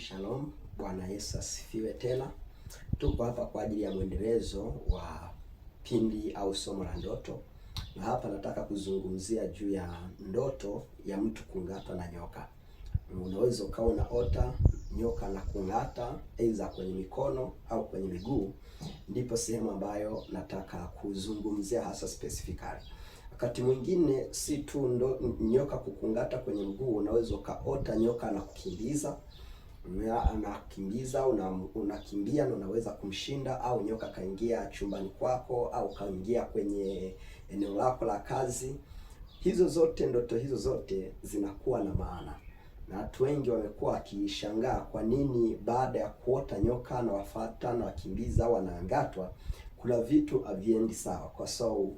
Shalom, Bwana Yesu asifiwe tena. Tuko hapa kwa ajili ya mwendelezo wa pindi au somo la ndoto, na hapa nataka kuzungumzia juu ya ndoto ya mtu kung'atwa na nyoka. Unaweza ukawa unaota nyoka na kung'ata, aidha kwenye mikono au kwenye miguu. Ndipo sehemu ambayo nataka kuzungumzia hasa specifically. Wakati mwingine si tu ndo nyoka kukung'ata kwenye mguu, unaweza ukaota nyoka na kukimbiza anakimbiza unakimbia na unaweza kumshinda, au nyoka kaingia chumbani kwako au kaingia kwenye eneo lako la kazi. Hizo zote ndoto hizo zote zinakuwa na maana, na watu wengi wamekuwa wakishangaa kwa nini baada ya kuota nyoka na wafata na wakimbiza au wanaangatwa, kuna vitu haviendi sawa kwa sababu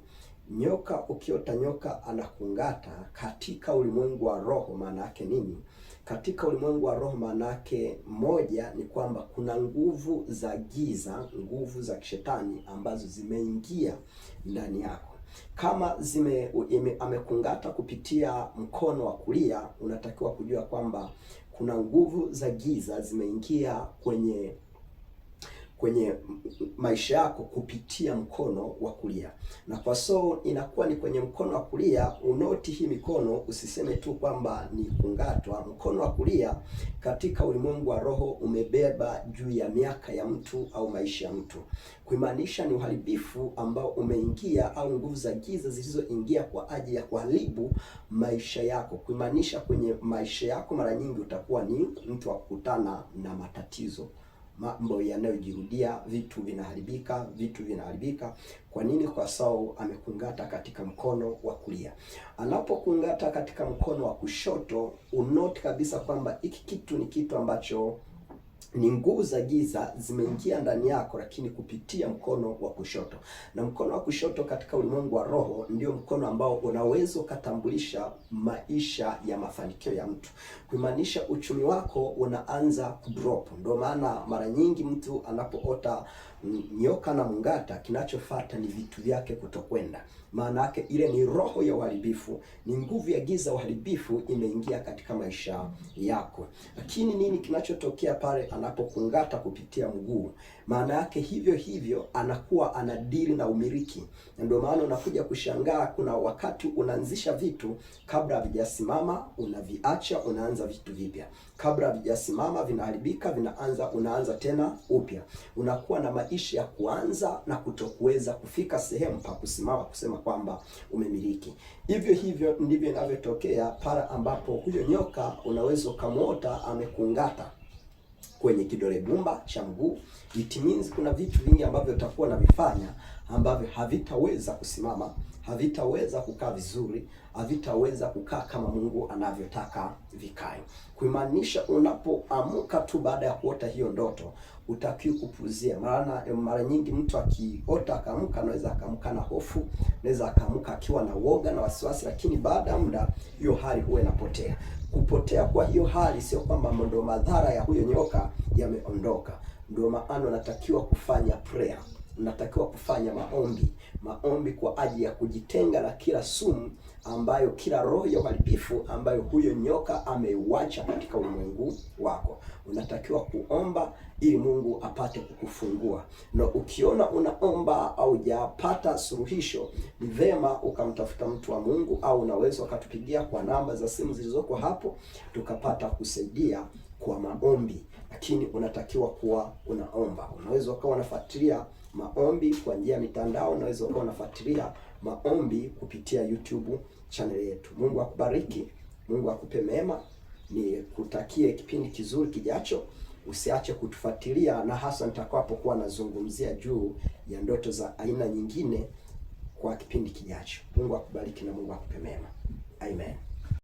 Nyoka ukiota nyoka anakung'ata katika ulimwengu wa roho, maana yake nini? Katika ulimwengu wa roho, maana yake moja ni kwamba kuna nguvu za giza, nguvu za kishetani ambazo zimeingia ndani yako. Kama zime ime, amekung'ata kupitia mkono wa kulia, unatakiwa kujua kwamba kuna nguvu za giza zimeingia kwenye kwenye maisha yako kupitia mkono wa kulia, na kwa so inakuwa ni kwenye mkono wa kulia unoti hii mikono, usiseme tu kwamba ni kungatwa. Mkono wa kulia katika ulimwengu wa roho umebeba juu ya miaka ya mtu au maisha ya mtu, kuimaanisha ni uharibifu ambao umeingia au nguvu za giza zilizoingia kwa ajili ya kuharibu maisha yako, kuimaanisha kwenye maisha yako mara nyingi utakuwa ni mtu wa kukutana na matatizo mambo yanayojirudia, vitu vinaharibika, vitu vinaharibika. Kwa nini? Kwa sababu amekungata katika mkono wa kulia. Anapokungata katika mkono wa kushoto, unoti kabisa kwamba hiki kitu ni kitu ambacho ni nguvu za giza zimeingia ndani yako, lakini kupitia mkono wa kushoto. Na mkono wa kushoto katika ulimwengu wa roho ndio mkono ambao unaweza ukatambulisha maisha ya mafanikio ya mtu, kumaanisha uchumi wako unaanza kudrop. Ndio maana mara nyingi mtu anapoota nyoka na mungata, kinachofata ni vitu vyake kutokwenda. Maana yake ile ni roho ya uharibifu, ni nguvu ya giza, uharibifu imeingia katika maisha yako. Lakini nini kinachotokea pale anapokung'ata kupitia mguu, maana yake hivyo hivyo anakuwa anadiri na umiliki. Ndio maana unakuja kushangaa, kuna wakati unaanzisha vitu kabla havijasimama, unaviacha, unaanza vitu vipya, kabla havijasimama, vinaharibika, vinaanza, unaanza tena upya. Unakuwa na maisha ya kuanza na kutokuweza kufika sehemu pa kusimama kusema kwamba umemiliki. Hivyo hivyo ndivyo inavyotokea pale ambapo huyo nyoka unaweza ukamwota amekung'ata kwenye kidole gumba cha mguu. It means kuna vitu vingi ambavyo utakuwa unavifanya ambavyo havitaweza kusimama, havitaweza kukaa vizuri, havitaweza kukaa kama Mungu anavyotaka vikae. Kuimaanisha, unapoamka tu baada ya kuota hiyo ndoto utakiwa kupuzia. Maana eh, mara nyingi mtu akiota akaamka, anaweza akaamka na hofu, anaweza akaamka akiwa na woga na wasiwasi, lakini baada ya muda hiyo hali huwa inapotea. Kupotea kwa hiyo hali sio kwamba ndo madhara ya huyo nyoka yameondoka. Ndio maana unatakiwa kufanya prayer mnatakiwa kufanya maombi, maombi kwa ajili ya kujitenga na kila sumu ambayo, kila roho ya uharibifu ambayo huyo nyoka ameuacha katika ulimwengu wako. Unatakiwa kuomba ili Mungu apate kukufungua, na ukiona unaomba haujapata suluhisho, ni vema ukamtafuta mtu wa Mungu, au unaweza ukatupigia kwa namba za simu zilizoko hapo, tukapata kusaidia kwa maombi lakini unatakiwa kuwa unaomba. Unaweza ukawa unafuatilia maombi kwa njia ya mitandao, unaweza ukawa unafuatilia maombi kupitia YouTube channel yetu. Mungu akubariki, Mungu akupe mema, ni kutakie kipindi kizuri kijacho. Usiache kutufuatilia na hasa nitakapokuwa nazungumzia juu ya ndoto za aina nyingine kwa kipindi kijacho. Mungu akubariki na Mungu akupe mema. Amen.